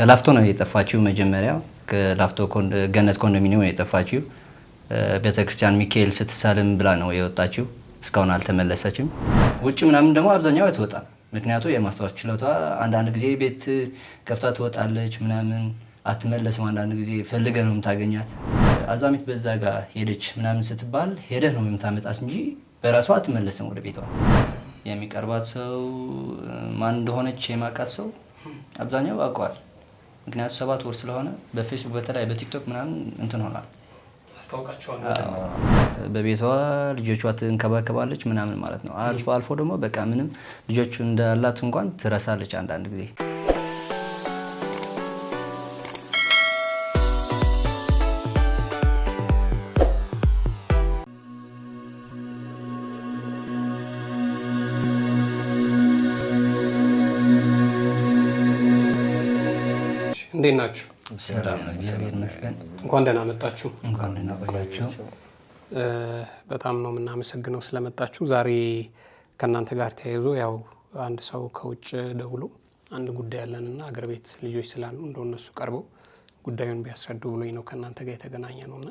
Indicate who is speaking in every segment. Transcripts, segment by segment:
Speaker 1: ከላፍቶ ነው የጠፋችው። መጀመሪያ ከላፍቶ ገነት ኮንዶሚኒየም ነው የጠፋችው። ቤተክርስቲያን ሚካኤል ስትሳልም ብላ ነው የወጣችው። እስካሁን አልተመለሰችም። ውጭ ምናምን ደግሞ አብዛኛው አትወጣ። ምክንያቱ የማስታወስ ችለቷ አንዳንድ ጊዜ ቤት ከፍታ ትወጣለች ምናምን፣ አትመለስም። አንዳንድ ጊዜ ፈልገ ነው የምታገኛት። አዛሚት በዛ ጋር ሄደች ምናምን ስትባል ሄደህ ነው የምታመጣት እንጂ በራሷ አትመለስም ወደ ቤቷ። የሚቀርባት ሰው ማን እንደሆነች የማውቃት ሰው አብዛኛው አውቀዋል። ምክንያቱ ሰባት ወር ስለሆነ በፌስቡክ በተለይ በቲክቶክ ምናምን እንትን ሆኗል። በቤቷ ልጆቿ ትንከባከባለች ምናምን ማለት ነው። አልፎ አልፎ ደግሞ በቃ ምንም ልጆቹ እንዳላት እንኳን ትረሳለች አንዳንድ ጊዜ
Speaker 2: እንኳን ደህና መጣችሁ። እንኳን በጣም ነው የምናመሰግነው ስለመጣችሁ። ዛሬ ከእናንተ ጋር ተያይዞ ያው አንድ ሰው ከውጭ ደውሎ አንድ ጉዳይ ያለንና አገር ቤት ልጆች ስላሉ እንደው እነሱ ቀርበው ጉዳዩን ቢያስረዱ ብሎኝ ነው ከእናንተ ጋር የተገናኘ ነውና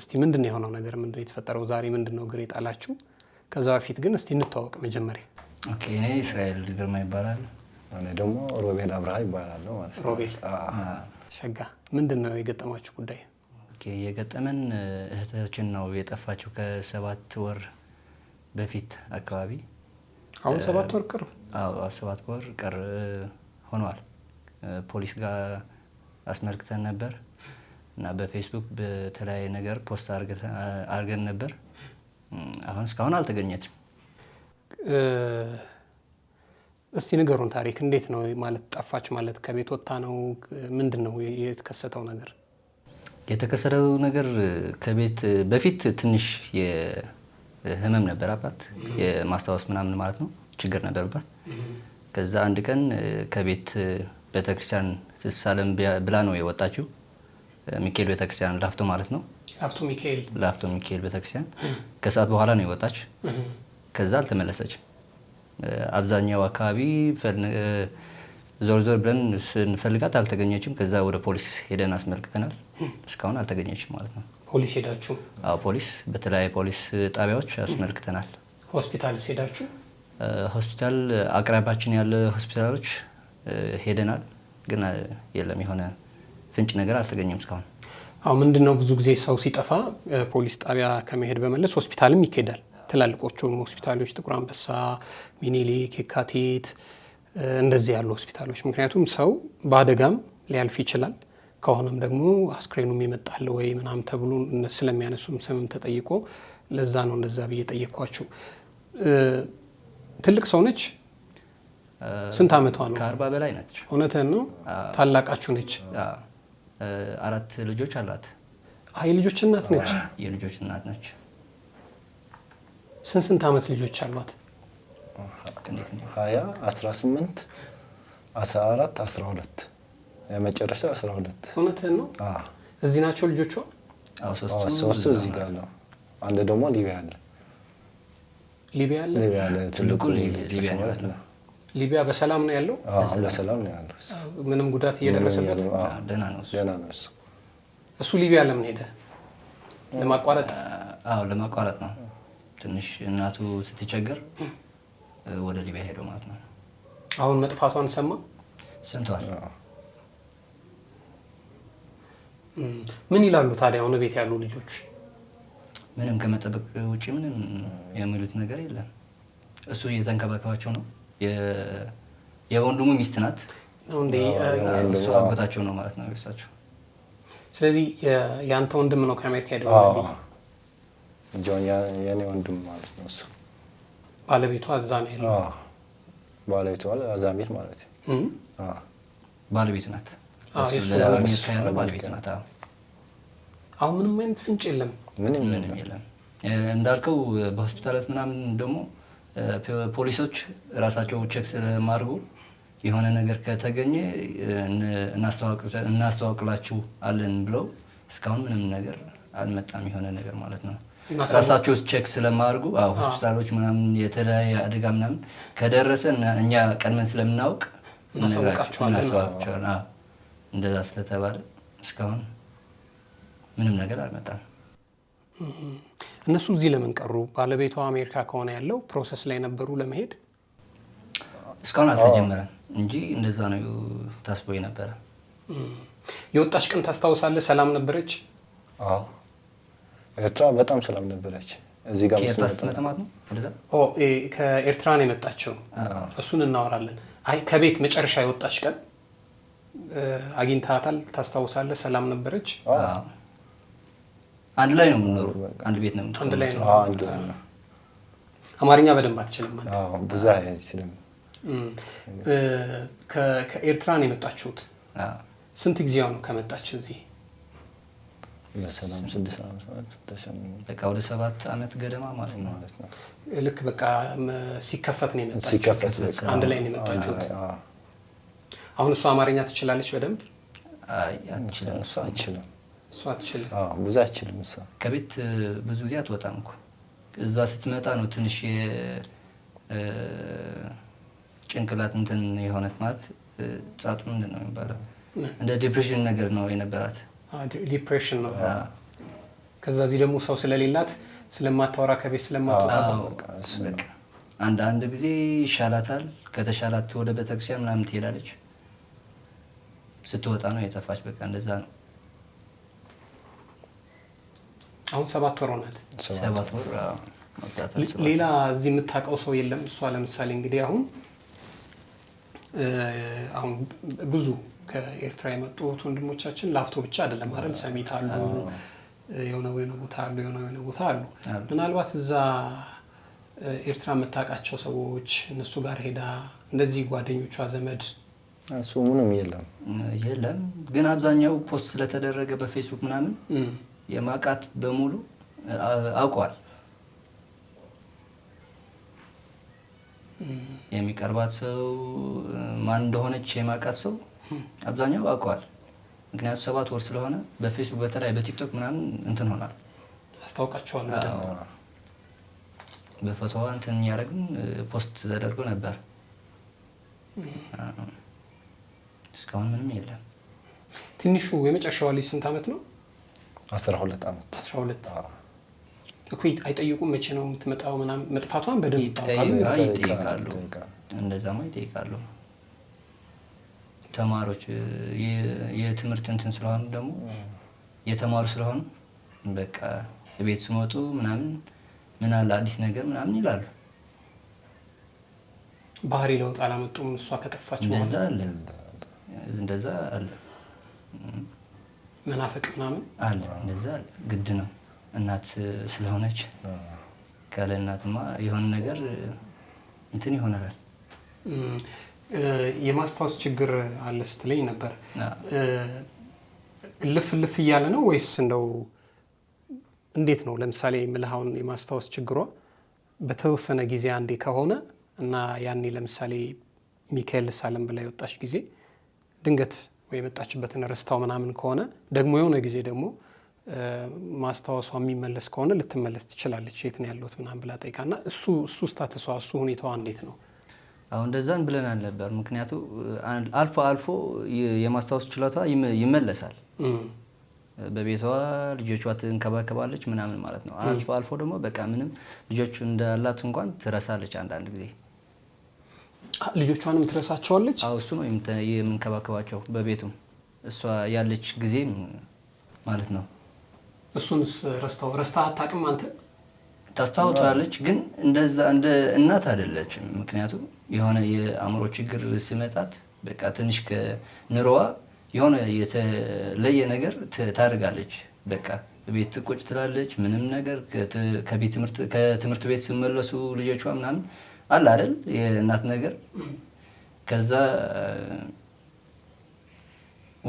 Speaker 2: እስቲ ምንድን ነው የሆነው ነገር? ምንድን ነው የተፈጠረው? ዛሬ ምንድን ነው ግር የጣላችሁ? ከዛ በፊት ግን እስቲ እንተዋወቅ መጀመሪያ።
Speaker 1: ኦኬ፣ እኔ እስራኤል ግርማ ይባላል እኔ ደግሞ ሮቤል አብርሃ ይባላል ማለት
Speaker 2: ነው። ሮቤል ሸጋ፣ ምንድን ነው የገጠማችሁ ጉዳይ?
Speaker 1: የገጠመን እህታችን ነው የጠፋችው ከሰባት ወር በፊት አካባቢ።
Speaker 2: አሁን ሰባት ወር ቅርብ
Speaker 1: ሰባት ወር ቅር ሆኗል። ፖሊስ ጋር አስመልክተን ነበር እና በፌስቡክ በተለያየ ነገር ፖስት አድርገን ነበር። አሁን እስካሁን አልተገኘችም።
Speaker 2: እስቲ ንገሩን ታሪክ እንዴት ነው ማለት ጠፋች ማለት ከቤት ወጥታ ነው ምንድን ነው የተከሰተው ነገር
Speaker 1: የተከሰተው ነገር ከቤት በፊት ትንሽ የህመም ነበረባት የማስታወስ ምናምን ማለት ነው ችግር ነበርባት። ከዛ አንድ ቀን ከቤት ቤተክርስቲያን ስሳለም ብላ ነው የወጣችው ሚካኤል ቤተክርስቲያን ላፍቶ ማለት ነው ላፍቶ ሚካኤል ቤተክርስቲያን ከሰዓት በኋላ ነው የወጣች ከዛ አልተመለሰች አብዛኛው አካባቢ ዞር ዞር ብለን ስንፈልጋት አልተገኘችም። ከዛ ወደ ፖሊስ ሄደን አስመልክተናል። እስካሁን አልተገኘችም ማለት ነው።
Speaker 2: ፖሊስ ሄዳችሁ?
Speaker 1: አዎ ፖሊስ፣ በተለያየ ፖሊስ ጣቢያዎች አስመልክተናል።
Speaker 2: ሆስፒታል ሄዳችሁ?
Speaker 1: ሆስፒታል አቅራቢያችን ያለ ሆስፒታሎች ሄደናል፣ ግን የለም የሆነ ፍንጭ ነገር አልተገኘም እስካሁን።
Speaker 2: አዎ ምንድን ነው ብዙ ጊዜ ሰው ሲጠፋ ፖሊስ ጣቢያ ከመሄድ በመለስ ሆስፒታልም ይካሄዳል ትላልቆቹን ሆስፒታሎች ጥቁር አንበሳ፣ ሚኒሊክ፣ የካቲት እንደዚህ ያሉ ሆስፒታሎች። ምክንያቱም ሰው በአደጋም ሊያልፍ ይችላል። ከሆነም ደግሞ አስክሬኑም ይመጣል ወይ ምናም ተብሎ ስለሚያነሱም ስምም ተጠይቆ ለዛ ነው እንደዛ ብዬ ጠየኳችሁ። ትልቅ ሰው ነች። ስንት ዓመቷ ነው?
Speaker 1: ከአርባ በላይ ነች።
Speaker 2: እውነትህን ነው። ታላቃችሁ ነች።
Speaker 1: አራት ልጆች አላት።
Speaker 2: ልጆች እናት ነች።
Speaker 1: የልጆች እናት ነች።
Speaker 2: ስንት ስንት ዓመት ልጆች አሏት?
Speaker 1: ሀያ አስራ ስምንት አስራ አራት አስራ ሁለት የመጨረሻ አስራ ሁለት
Speaker 2: እውነትህን ነው። እዚህ ናቸው ልጆቿ
Speaker 1: ሶስቱ እዚህ ጋር ነው። አንድ ደግሞ ሊቢያ አለ። ሊቢያ አለ። ትልቁ
Speaker 2: ማለት ነው። ሊቢያ በሰላም ነው ያለው።
Speaker 1: በሰላም ነው ያለው።
Speaker 2: ምንም ጉዳት እየደረሰበት ደህና ነው። እሱ ሊቢያ ለምን ሄደ? ለማቋረጥ?
Speaker 1: አዎ ለማቋረጥ ነው። ትንሽ እናቱ ስትቸገር ወደ ሊቢያ ሄደው ማለት ነው።
Speaker 2: አሁን መጥፋቷን ሰማ ሰምተዋል። ምን ይላሉ ታዲያ? አሁን ቤት ያሉ ልጆች
Speaker 1: ምንም ከመጠበቅ ውጭ ምንም የሚሉት ነገር የለም። እሱ እየተንከባከባቸው ነው። የወንድሙ ሚስት ናት፣ እሱ አጎታቸው ነው ማለት ነው። ሳቸው
Speaker 2: ስለዚህ የአንተ ወንድም ነው ከአሜሪካ ሄደ
Speaker 1: ጆን የኔ ወንድም ማለት ነው። እሱ
Speaker 2: ባለቤቱ አዛሜል ነው።
Speaker 1: ባለቤቱ አዛሜል ማለት ባለቤቱ ናት። ናት።
Speaker 2: አሁን ምንም አይነት ፍንጭ የለም፣
Speaker 1: ምንም ምንም የለም። እንዳልከው በሆስፒታላት ምናምን ደግሞ ፖሊሶች ራሳቸው ቼክ ስለማድርጉ የሆነ ነገር ከተገኘ እናስተዋውቅላችሁ አለን ብለው እስካሁን ምንም ነገር አልመጣም፣ የሆነ ነገር ማለት ነው። ራሳቸው ቼክ ስለማድርጉ ሆስፒታሎች ምናምን የተለያየ አደጋ ምናምን ከደረሰ እኛ ቀድመን ስለምናውቅ
Speaker 2: እናሳውቃቸዋለን።
Speaker 1: እንደዛ ስለተባለ እስካሁን ምንም ነገር አልመጣም።
Speaker 2: እነሱ እዚህ ለምን ቀሩ? ባለቤቷ አሜሪካ ከሆነ ያለው ፕሮሰስ ላይ ነበሩ ለመሄድ
Speaker 1: እስካሁን አልተጀመረም እንጂ እንደዛ ነው ታስቦ ነበረ።
Speaker 2: የወጣች ቀን ታስታውሳለህ? ሰላም ነበረች።
Speaker 1: ኤርትራ በጣም ሰላም ነበረች። እዚህ ጋር
Speaker 2: ከኤርትራ ነው የመጣቸው። እሱን እናወራለን። አይ ከቤት መጨረሻ የወጣች ቀን አግኝታታል? ታስታውሳለህ? ሰላም ነበረች?
Speaker 1: አንድ ላይ ነው የምኖሩ፣ አንድ ቤት ነው።
Speaker 2: አንድ ላይ ነው። አማርኛ በደንብ አትችልም። ብዙ ከኤርትራ ነው የመጣችሁት? ስንት ጊዜው ነው ከመጣች እዚህ?
Speaker 1: በሰላም ስድስት ዓመት ማለት ተሸነ በቃ ወደ ሰባት ዓመት ገደማ ማለት ነው ማለት ነው።
Speaker 2: ልክ በቃ ሲከፈት ነው የመጣችው።
Speaker 1: ሲከፈት በቃ
Speaker 2: አንድ ላይ ነው የመጣችሁት። አሁን እሷ አማርኛ ትችላለች በደንብ?
Speaker 1: አይ አትችልም፣ እሷ አትችልም፣ እሷ አትችልም። አዎ ብዙ አትችልም። እሷ ከቤት ብዙ ጊዜ አትወጣም እኮ እዛ ስትመጣ ነው ትንሽ ጭንቅላት እንትን የሆነት ማለት ጻጥ ምንድን ነው የሚባለው እንደ ዲፕሬሽን ነገር ነው የነበራት
Speaker 2: ዲፕሬሽን ነው። ከዛ እዚህ ደግሞ ሰው ስለሌላት ስለማታወራ ከቤት ስለማትወጣ
Speaker 1: አንድ ጊዜ ይሻላታል። ከተሻላት ወደ ቤተክርስቲያን ምናምን ትሄዳለች። ስትወጣ ነው የጠፋች። በቃ እንደዛ ነው።
Speaker 2: አሁን ሰባት ወር ናት። ሰባት ወር ሌላ እዚህ የምታውቀው ሰው የለም። እሷ ለምሳሌ እንግዲህ አሁን አሁን ብዙ ከኤርትራ የመጡ ወንድሞቻችን ላፍቶ ብቻ አይደለም አይደል፣ ሰሚት አሉ፣ የሆነ ወይነ ቦታ አሉ፣ የሆነ ወይነ ቦታ አሉ። ምናልባት እዛ ኤርትራ የምታውቃቸው ሰዎች እነሱ ጋር ሄዳ እንደዚህ ጓደኞቿ ዘመድ
Speaker 1: እሱ ምንም የለም የለም። ግን አብዛኛው ፖስት ስለተደረገ በፌስቡክ ምናምን የማቃት በሙሉ አውቀዋል። የሚቀርባት ሰው ማን እንደሆነች የማቃት ሰው አብዛኛው አውቀዋል። ምክንያቱም ሰባት ወር ስለሆነ በፌስቡክ በተለይ በቲክቶክ ምናምን እንትን ሆናል
Speaker 2: አስታውቃቸዋል።
Speaker 1: በፎቶዋ እንትን እያደረግን ፖስት ተደርጎ ነበር። እስካሁን ምንም የለም።
Speaker 2: ትንሹ የመጨረሻዋ ልጅ ስንት ዓመት ነው?
Speaker 1: አስራ ሁለት ዓመት
Speaker 2: አስራ ሁለት እኮ አይጠይቁም። መቼ ነው የምትመጣው ምናምን መጥፋቷን በደንብ
Speaker 1: ይጠይቃሉ። እንደዛማ ይጠይቃሉ። ተማሪዎች የትምህርት እንትን ስለሆኑ ደግሞ የተማሩ ስለሆኑ በቃ እቤት ስመጡ ምናምን ምን አለ አዲስ ነገር ምናምን ይላሉ።
Speaker 2: ባህሪ ለውጥ አላመጡም። እሷ ከጠፋች
Speaker 1: እንደዛ አለ እንደዛ አለ
Speaker 2: መናፈቅ ምናምን
Speaker 1: አለ እንደዛ አለ። ግድ ነው እናት ስለሆነች ካለ እናትማ የሆነ ነገር እንትን ይሆናል።
Speaker 2: የማስታወስ ችግር አለ ስትለኝ ነበር። ልፍ ልፍ እያለ ነው ወይስ እንደው እንዴት ነው? ለምሳሌ ምልሃውን የማስታወስ ችግሯ በተወሰነ ጊዜ አንዴ ከሆነ እና ያኔ ለምሳሌ ሚካኤል ሳለም ብላ የወጣች ጊዜ ድንገት የመጣችበትን ረስታው ምናምን ከሆነ ደግሞ የሆነ ጊዜ ደግሞ ማስታወሷ የሚመለስ ከሆነ ልትመለስ ትችላለች። የት ነው ያለሁት ምናምን ብላ ጠይቃና እሱ እሱ ስታተሷ እሱ ሁኔታዋ እንዴት ነው?
Speaker 1: አሁን እንደዛን ብለን አልነበር። ምክንያቱ አልፎ አልፎ የማስታወስ ችሎታ ይመለሳል። በቤቷ ልጆቿ ትንከባከባለች ምናምን ማለት ነው። አልፎ አልፎ ደግሞ በቃ ምንም ልጆቹ እንዳላት እንኳን ትረሳለች። አንዳንድ ጊዜ
Speaker 2: ልጆቿንም ትረሳቸዋለች።
Speaker 1: እሱ ነው የምንከባከባቸው በቤቱም እሷ ያለች ጊዜ ማለት ነው።
Speaker 2: እሱንስ ረስተው ረስታ አታውቅም አንተ?
Speaker 1: ታስታውታለች፣ ግን እንደዛ እንደ እናት አይደለችም። ምክንያቱም የሆነ የአእምሮ ችግር ሲመጣት በቃ ትንሽ ከኑሮዋ የሆነ የተለየ ነገር ታደርጋለች። በቃ ቤት ትቆጭ ትላለች። ምንም ነገር ከትምህርት ቤት ሲመለሱ ልጆቿ ምናምን አለ አይደል የእናት ነገር ከዛ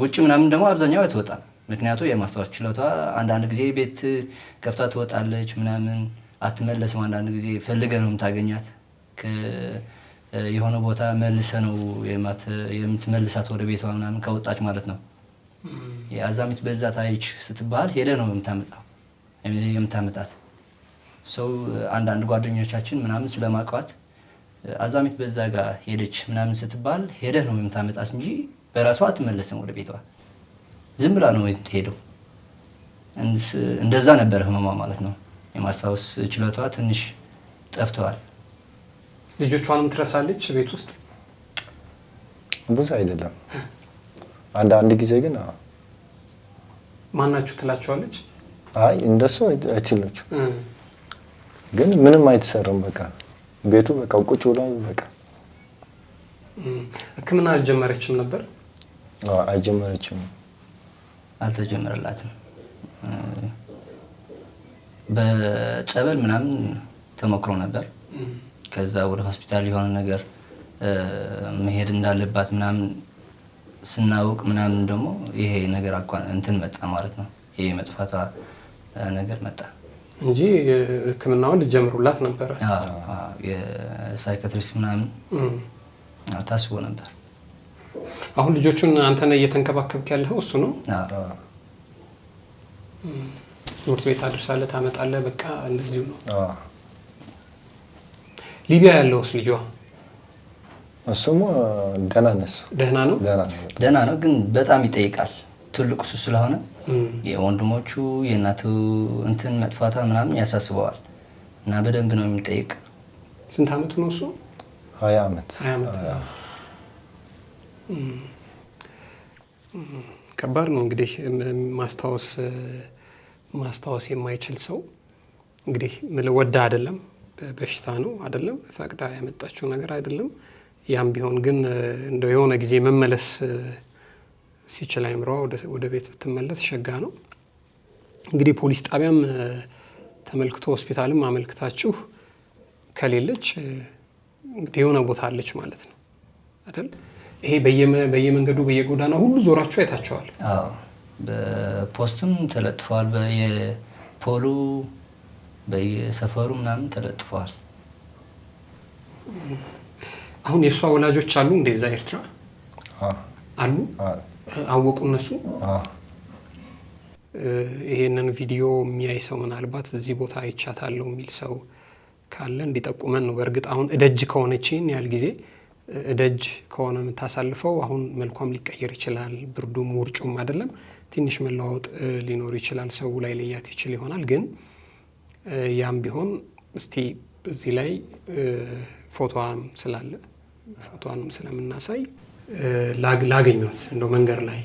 Speaker 1: ውጭ ምናምን ደግሞ አብዛኛው አትወጣም። ምክንያቱ የማስታወስ ችለቷ አንዳንድ ጊዜ ቤት ከፍታ ትወጣለች ምናምን አትመለስም። አንዳንድ ጊዜ ፈልገ ነው የምታገኛት። የሆነ ቦታ መልሰ ነው የምትመልሳት ወደ ቤቷ ምናምን ከወጣች ማለት ነው። የአዛሚት በዛ ታይች ስትባል ሄደ ነው የምታመጣት። ሰው አንዳንድ ጓደኞቻችን ምናምን ስለማቅባት አዛሚት በዛ ጋር ሄደች ምናምን ስትባል ሄደ ነው የምታመጣት እንጂ በራሷ አትመለስም ወደ ቤቷ። ዝም ብላ ነው የምትሄደው። እንደዛ ነበር ህመማ ማለት ነው። የማስታወስ ችሎቷ ትንሽ ጠፍተዋል።
Speaker 2: ልጆቿንም ትረሳለች ቤት ውስጥ
Speaker 1: ብዙ አይደለም። አንድ አንድ ጊዜ ግን
Speaker 2: ማናችሁ ትላቸዋለች።
Speaker 1: አይ እንደሱ አይችልም፣ ግን ምንም አይተሰርም። በቃ ቤቱ በቃ ቁጭ ብሎ በቃ
Speaker 2: ሕክምና አልጀመረችም ነበር።
Speaker 1: አልጀመረችም፣ አልተጀመረላትም በጸበል ምናምን ተሞክሮ ነበር። ከዛ ወደ ሆስፒታል የሆነ ነገር መሄድ እንዳለባት ምናምን ስናውቅ ምናምን ደግሞ ይሄ ነገር አኳ እንትን መጣ ማለት ነው። ይሄ መጥፋቷ ነገር መጣ
Speaker 2: እንጂ ሕክምናውን ልጀምሩላት ነበረ።
Speaker 1: የሳይካትሪስት ምናምን ታስቦ ነበር።
Speaker 2: አሁን ልጆቹን አንተነ እየተንከባከብክ ያለው እሱ ነው። ትምህርት ቤት አድርሳለ ታመጣለ በቃ እንደዚሁ ነው። ሊቢያ ያለውስ ልጇ
Speaker 1: እሱም ደህና ነሱ ደህና ነው ደህና ነው፣ ግን በጣም ይጠይቃል። ትልቅ እሱ ስለሆነ የወንድሞቹ የእናቱ እንትን መጥፋቷ ምናምን ያሳስበዋል እና በደንብ ነው የሚጠይቅ።
Speaker 2: ስንት አመቱ ነው እሱ? ሀያ አመት ከባድ ነው እንግዲህ ማስታወስ ማስታወስ የማይችል ሰው እንግዲህ ወዳ አይደለም በሽታ ነው አይደለም ፈቅዳ ያመጣችው ነገር አይደለም። ያም ቢሆን ግን እንደ የሆነ ጊዜ መመለስ ሲችል አይምሯ ወደ ቤት ብትመለስ ሸጋ ነው። እንግዲህ ፖሊስ ጣቢያም ተመልክቶ ሆስፒታልም አመልክታችሁ ከሌለች እንግዲህ የሆነ ቦታ አለች ማለት ነው አይደል? ይሄ በየመንገዱ በየጎዳና ሁሉ ዞራችሁ አይታቸዋል።
Speaker 1: በፖስትም ተለጥፈዋል። በየፖሉ በየሰፈሩ ምናምን ተለጥፈዋል።
Speaker 2: አሁን የእሷ ወላጆች አሉ እንደዛ ኤርትራ አሉ አወቁ እነሱ። ይሄንን ቪዲዮ የሚያይ ሰው ምናልባት እዚህ ቦታ አይቻታለሁ የሚል ሰው ካለ እንዲጠቁመን ነው። በእርግጥ አሁን እደጅ ከሆነች ይህን ያህል ጊዜ እደጅ ከሆነ የምታሳልፈው አሁን መልኳም ሊቀየር ይችላል። ብርዱም ውርጩም አይደለም። ትንሽ መለዋወጥ ሊኖር ይችላል። ሰው ላይ ለያት ይችል ይሆናል። ግን ያም ቢሆን እስቲ እዚህ ላይ ፎቶዋም ስላለ ፎቶዋንም ስለምናሳይ ላገኘት እንደ መንገድ ላይ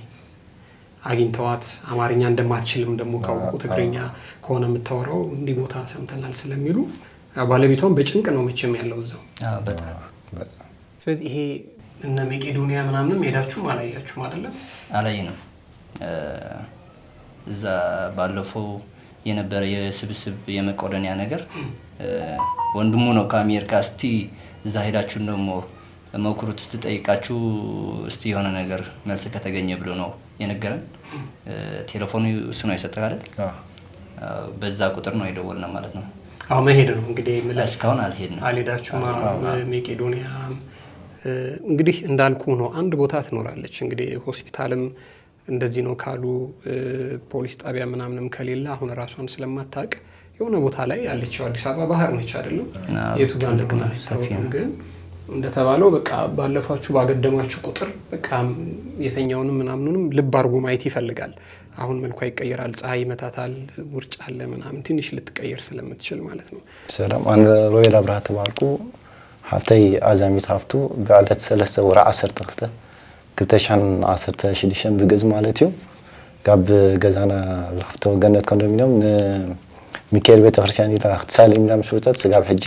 Speaker 2: አግኝተዋት አማርኛ እንደማትችልም ደግሞ ካወቁ ትግርኛ ከሆነ የምታወራው እንዲህ ቦታ ሰምተናል ስለሚሉ ባለቤቷን በጭንቅ ነው መቼም ያለው እዛው። ስለዚህ ይሄ እነ መቄዶንያ ምናምንም ሄዳችሁም አላያችሁም አይደለም?
Speaker 1: አላየ ነው እዛ ባለፈው የነበረ የስብስብ የመቆደኒያ ነገር ወንድሙ ነው ከአሜሪካ እስቲ እዛ ሄዳችሁን ደግሞ መኩሩት ስትጠይቃችሁ እስቲ የሆነ ነገር መልስ ከተገኘ ብሎ ነው የነገረን። ቴሌፎኑ እሱ ነው የሰጠህ አይደል? በዛ ቁጥር ነው የደወልነው ማለት ነው።
Speaker 2: አሁ መሄድ ነው እንግዲህ እስካሁን ነው አልሄዳችሁም? መቄዶኒያ እንግዲህ እንዳልኩ ነው። አንድ ቦታ ትኖራለች እንግዲህ ሆስፒታልም እንደዚህ ነው ካሉ ፖሊስ ጣቢያ ምናምንም ከሌለ አሁን ራሷን ስለማታውቅ የሆነ ቦታ ላይ ያለችው አዲስ አበባ ባህር ነች አይደለም። የቱ ጋር እንደሆነ ግን እንደተባለው በቃ ባለፋችሁ ባገደማችሁ ቁጥር በቃ የተኛውንም ምናምኑንም ልብ አድርጎ ማየት ይፈልጋል። አሁን መልኳ ይቀየራል፣ ፀሐይ ይመታታል፣ ውርጭ አለ ምናምን ትንሽ ልትቀየር ስለምትችል ማለት ነው።
Speaker 1: ሰላም ኣነ ሮቤል ኣብርሃ ተባልኩ ሀብተይ አዛሚት ሀብቱ ብዕለት ሰለስተ ወርዓ ዓሰርተ ክልተ ክልተሻን ዓሰርተ ሽዱሽተ ብገዝ ማለት እዩ ካብ ገዛና ላፍቶ ገነት ኮንዶሚንዮም ንሚካኤል ቤተክርስትያን ክርስቲያን ኢላ ክትሳልም ኢና ምስ ወፀት ስጋብ ሕጂ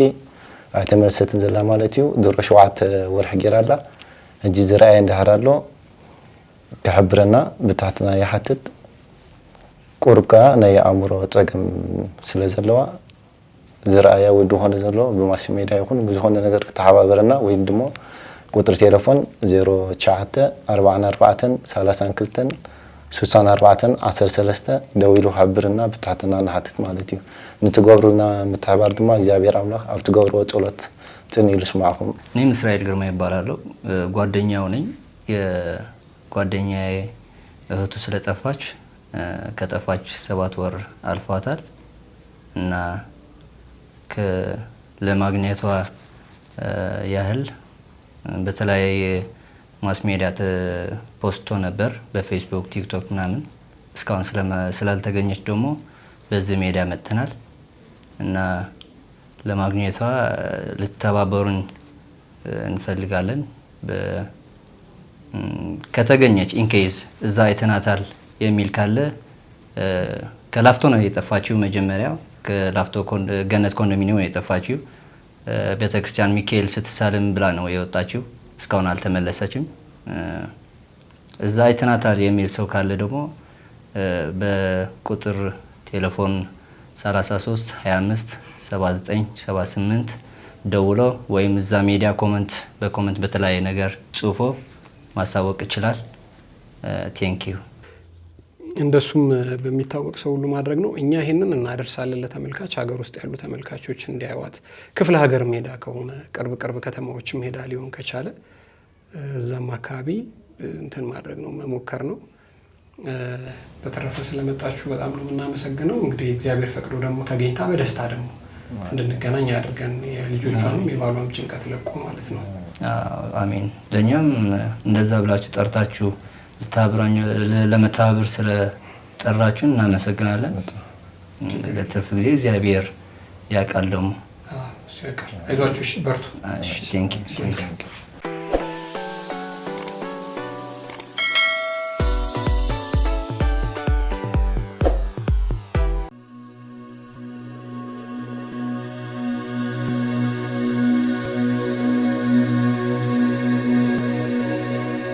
Speaker 1: ኣይተመለሰትን ዘላ ማለት እዩ ድሮ ሸውዓተ ወርሒ ጌራ ኣላ ሕጂ ዝረኣየ እንዳሃር ኣሎ ክሕብረና ብታሕትና ይሓትት ቁርካ ናይ ኣእምሮ ፀገም ስለ ዘለዋ ዝረኣያ ወይ ድኾነ ዘሎ ብማስ ሜድያ ይኹን ብዝኾነ ነገር ክተሓባበረና ወይ ድሞ ቁጥሪ ቴሌፎን 09444264 ደዊሉ ሓብርና ብታሕትና ንሓትት ማለት እዩ ንትገብሩልና ምትሕባር ድማ እግዚኣብሔር ኣምላኽ ኣብ ትገብርዎ ፀሎት ጥን ኢሉ ስማዕኹም እኔም እስራኤል ግርማ ይባላለሁ ጓደኛው ነኝ የጓደኛዬ እህቱ ጠፋች ከጠፋች ሰባት ወር አልፏታል እና ለማግኘቷ ያህል በተለያየ ማስ ሚዲያ ተፖስቶ ነበር በፌስቡክ፣ ቲክቶክ ምናምን እስካሁን ስላልተገኘች ደግሞ በዚህ ሜዲያ መጥተናል እና ለማግኘቷ ልተባበሩን እንፈልጋለን። ከተገኘች ኢንኬዝ እዛ አይተናታል የሚል ካለ ከላፍቶ ነው የጠፋችው። መጀመሪያው ከላፍቶ ገነት ኮንዶሚኒየም የጠፋችው። ቤተ ክርስቲያን ሚካኤል ስትሳልም ብላ ነው የወጣችው። እስካሁን አልተመለሰችም። እዛ አይተናታል የሚል ሰው ካለ ደግሞ በቁጥር ቴሌፎን 33 25 79 78 ደውሎ ወይም እዛ ሚዲያ ኮመንት በኮመንት በተለያየ ነገር ጽሁፎ ማሳወቅ ይችላል። ቴንኪዩ
Speaker 2: እንደሱም በሚታወቅ ሰው ሁሉ ማድረግ ነው። እኛ ይህንን እናደርሳለን ለተመልካች ሀገር ውስጥ ያሉ ተመልካቾች እንዲያዩዋት። ክፍለ ሀገር ሄዳ ከሆነ ቅርብ ቅርብ ከተማዎችም ሄዳ ሊሆን ከቻለ እዛም አካባቢ እንትን ማድረግ ነው መሞከር ነው። በተረፈ ስለመጣችሁ በጣም ነው የምናመሰግነው። እንግዲህ እግዚአብሔር ፈቅዶ ደግሞ ተገኝታ በደስታ ደግሞ እንድንገናኝ አድርገን የልጆቿንም የባሏም ጭንቀት ለቆ ማለት ነው።
Speaker 1: አሜን። ለእኛም እንደዛ ብላችሁ ጠርታችሁ ለመተባበር ስለጠራችሁን እናመሰግናለን። ለትርፍ ጊዜ እግዚአብሔር ያውቃል ደግሞ